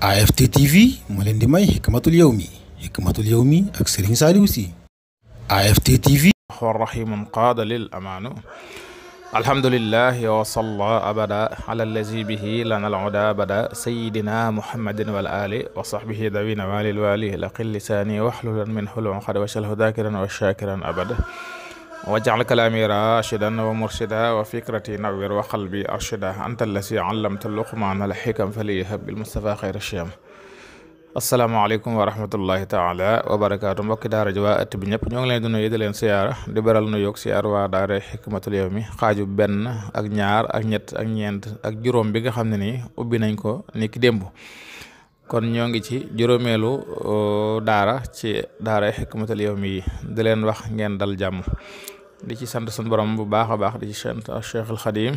AFT TV moo leen di may xikmatul yawmi xikmatul yawmi ak Serigne Saliou Sy AFT TV xor rahimun qaada lil amaanu alhamdulillahi wa salla abada ala allazi bihi lana al-uda abada sayidina muhammadin wal ali wa sahbihi dawina walil wali laqil lisani waxlulan min xulun xad wa shalhu dakiran wa shakiran abada wajal kalaami rashidan wa murshida wa fikrati nawwir wa qalbi arshida anta allasi allamta luqmaan alxikam faliyahab bil mustafa xayra shiyam asalaamaaleykum wa rahmatullahi taala wa barakaatu mbokki daara ji waa ëtt bi ñëpp ñoo ngi leen di nuyu leen siyaara di baral nu yoog siyaar waa daara xikmatul yawmi xaaju benn ak ñaar ak ñett ak ñeent ak juróom bi nga xam ne nii ubbi nañ ko niki ki kon ñoo ngi ci juróomeelu daara ci daara xikmatul yawmi yi di leen wax ngeen dal jàmm di ci sant sun borom bu baax a baax di ci sant Cheikh al Xadim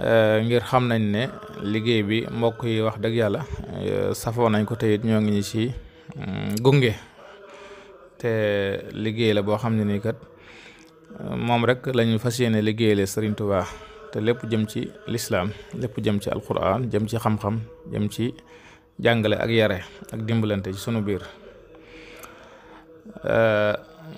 eh, ngir xam nañ ne liggéey bi mbokk yi wax dëgg yàlla eh, safoo nañ ko teyit ñoo ngi ci mm, gunge te liggéey la boo xam ne nii kat moom rek lañu fas yéene liggéeyale Serigne Touba te lépp jëm ci lislaam lépp jëm ci alquran jëm ci xam-xam jëm ci jàngale ak yare ak dimbalante ci sunu biir eh,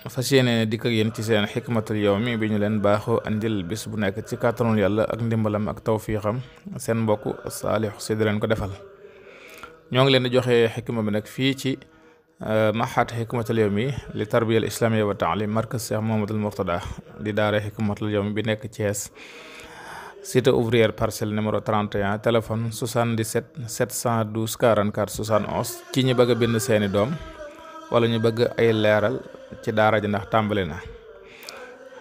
fas yéene dikk ak ci seen xikmatul mi bi ñu leen baaxoo andil bis bu nekk ci kàttanul yàlla ak ndimbalam ak tawfiixam seen mbokk Saliou Sy di leen ko defal ñoo ngi leen di joxe xikma bi nag fii ci euh, maxaat xikmatul mi li tarbiyal islamiyya wa taalim markaz Cheikh Mouhamadoul Mourtada di daara xikmatul yawmi bi nekk Thiès cité ouvrière parcelle numéro 31 téléphone 77 712 44 71 ci ñi bëgg a bind seeni doom wala ñu bëgg ay leeral ci daara ji ndax tàmbali na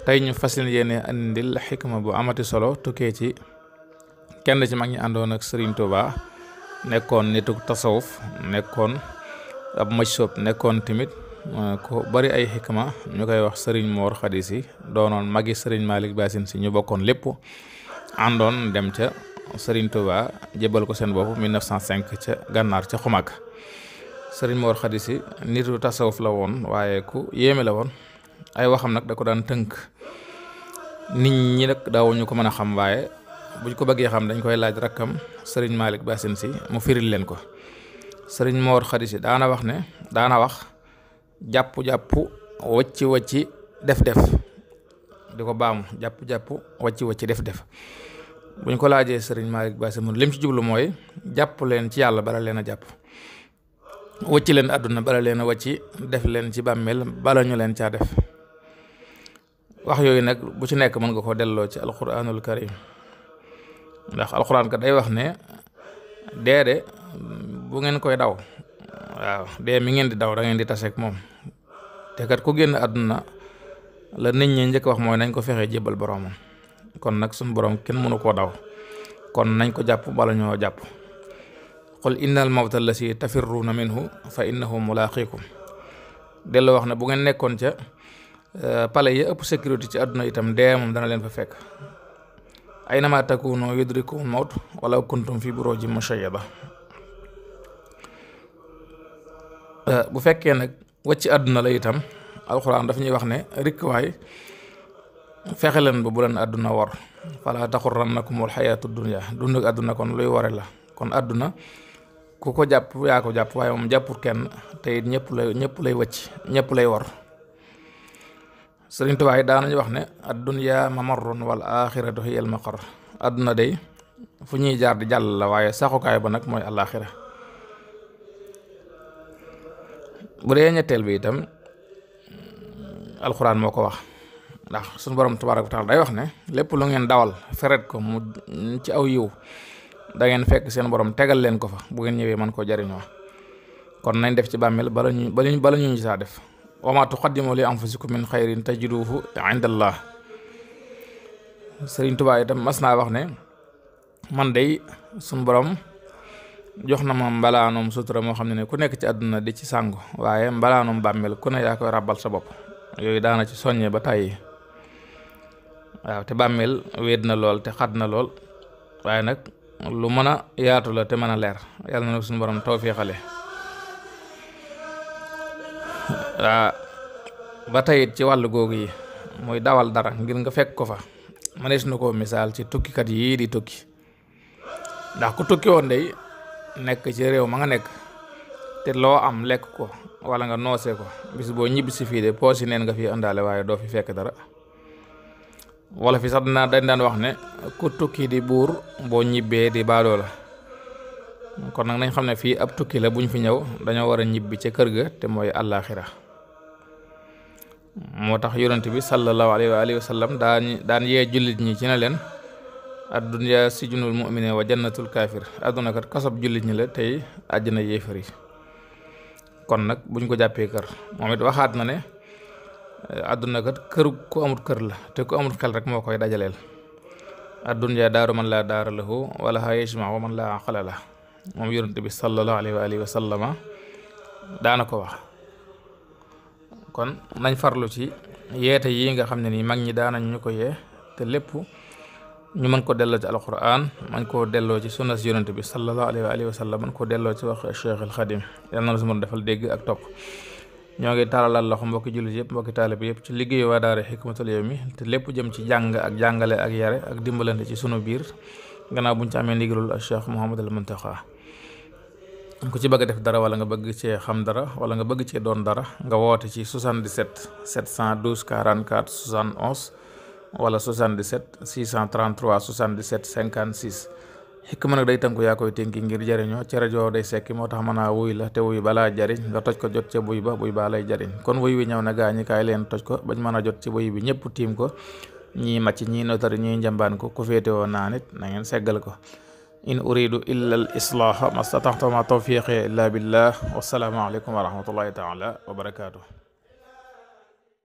tey ñu fas yéene andil xikma bu amati solo tukkee ci kenn ci mag ñi àndoon ak Serigne Touba nekkoon nitu tasawuf nekkoon ab majsoob nekkoon tamit euh, ku bari ay xikma ñu koy wax sëriñ Mor Khady Sy doonoon magi Serigne Malick Bassine si ñu bokkoon lépp àndoon dem ca Serigne Touba jëbal ko seen bopp 1905 ca gànnaar ca Xumaag sëriñ Mor Khady Sy nitu tasawuf la woon waaye ku yéeme la woon ay waxam nag da ko daan tënk nit ñi nag daawuñu ko mën a xam waaye buñ ko bëggee xam dañ koy laaj rakkam sëriñ Malick Bassine si mu firil leen ko sëriñ Mor Khady Sy daana wax ne daana wax jàpp jàpp wacci wacci def def di ko baamu jàpp jàpp wacci wacci def def buñ ko laajee sëriñ Malick Bassine mu lim ci jublu mooy jàpp leen ci yàlla bara leen a jàpp. wacc leen àdduna bala leen a wàcci def leen ci bàmmeel bala ñu leen caa def wax yooyu nag bu ci nekk mën nga koo delloo ci alquranul karim ndax alquran ka day wax ne dee de bu ngeen koy daw waaw dee mi ngeen di daw dangeen di taseek moom te kat ku génn àdduna la nit ñi njëkk wax mooy nañ ko fexee jébbal boroomam kon nag suñu boroom kenn mënu koo daw kon nañ ko jàpp bala ñoo jàpp qul innal mawta tafir tafirruuna minhu fa innahu mulaaqikum delloo wax ne bu ngeen nekkoon ca euh, palais yi ëpp sécurité ci àdduna itam dee moom dana leen fa fekk aynama takunu yudrikumul mawt walaw kuntum fi burujin mushayyada euh, bu fekkee nag wàcc àdduna la itam alxuraan dafa ñuy wax ne rikk waay fexe leen ba bu leen àdduna war fala taxurrannakumul xayaatu dunya dund ak àdduna kon luy ware la kon àdduna ku ko jàpp yaa ko jàpp waaye moom jàppul kenn te it ñëpp lay ñëpp lay wëcc ñëpp lay wor sëriñ Tuubaa yi daanañu wax ne addunya mamarrun wal axiratu hiya al maqar adduna day fu ñuy jaar di jàll la waaye saxukaay ba nag mooy alaaxira bu dee ñetteel bi itam alxuraan moo ko wax ndax suñu borom tabaaraka wa taala day wax ne lépp lu ngeen dawal feret ko mu ci aw yiw da ngeen fekk seen borom tegal leen ko fa bu ngeen ñëwee man koo jariñoo kon nañ def ci bàmmeel bala ñu bala ñu bala ñu saa def wa ma tuqaddimu li anfusikum min xayrin tajiduhu indallah Sëriñ Tuubaa itam mas naa wax ne man day suñ borom jox na ma mbalaanum sutura moo xam ne ne ku nekk ci àdduna di ci sàngu waaye mbalaanum bàmmeel ku ne yaa koy ràbbal sa bopp yooyu daana ci soññee ba tàyyi waaw te bàmmeel wéet na lool te xat na lool waaye lu mën a yaatu la te mën a leer yàlla na suñu borom tawfiixale ah, ba tey ci wàll googu yi muy dawal dara ngir nga fekk ko fa mënees na koo misaal ci tukkikat yii di tukki ndax ku tukki woon day nekk ci réew ma nga nekk te loo am lekk ko wala nga noose ko bis boo ñibbisi fii de poos yi neen nga fi àndaale waaye doo fi fekk dara wala fi sax dinaa dañ daan wax ne ku tukki di buur boo ñibbee di baadoo la kon nag nañ xam ne fii ab tukki la buñ fi ñëw dañoo war a ñibbi ca kër ga te mooy àllaaxira moo tax yonent bi sallallahu alayhi wa alihi daan daan yee jullit ñi ci na leen addunya sijnul mu'mini wa jannatul kaafir adduna kat kasob jullit ñi la tey àjjana yéefar yi kon nag buñ ko jàppee kër moom it waxaat na ne àdduna kat kër ku amul kër la te ku amul xel rek moo koy dajaleel addunyaa daaru man laa daara lahu wala ha yajma man laa aqala la moom yonent bi sallallahu alayhi wa daana ko wax kon nañ farlu ci yeete yi nga xam ne nii mag ñi daanañ ñu ko yee te lépp ñu mën ko delloo ci alquran man koo delloo ci sunna si yonent bi sallallahu alayhi wa alihi wa man koo delloo ci wax cheikh al xadim yàlla na la su defal dégg ak topp ñoo ngi tàllalal loxo mbokki jullit yëpp mbokki taalibe yëpp ci liggéeyu waa daara Hikmatul mi te lépp jëm ci jàng ak jàngale ak yare ak dimbalante ci sunu biir gannaaw buñ ci amee ndigalul Cheikh Mouhamadul Muntaxa ku ci bëgg def dara wala nga bëgg cee xam dara wala nga bëgg cee doon dara nga woote ci 77 712 44 71 wala 77 633 77 56 xikma nag day tënku yaa koy tënki ngir jariñoo ci rajo day sekki moo tax mën a wuy la te wuy balaa jariñ nga toj ko jot ca buy ba buy baa lay jariñ kon wuy wi ñëw na gaa ñi leen toj ko bañ mën a jot ca buy bi ñëpp tiim ko ñii màcc ñii notari ñii njambaan ko ku féete woo naa nit na ngeen seggal ko in uridu illa al islaaha mastataxtama tawfiqi illaa billah wasalaamu aleykum wa rahmatullahi taala wa barakaatu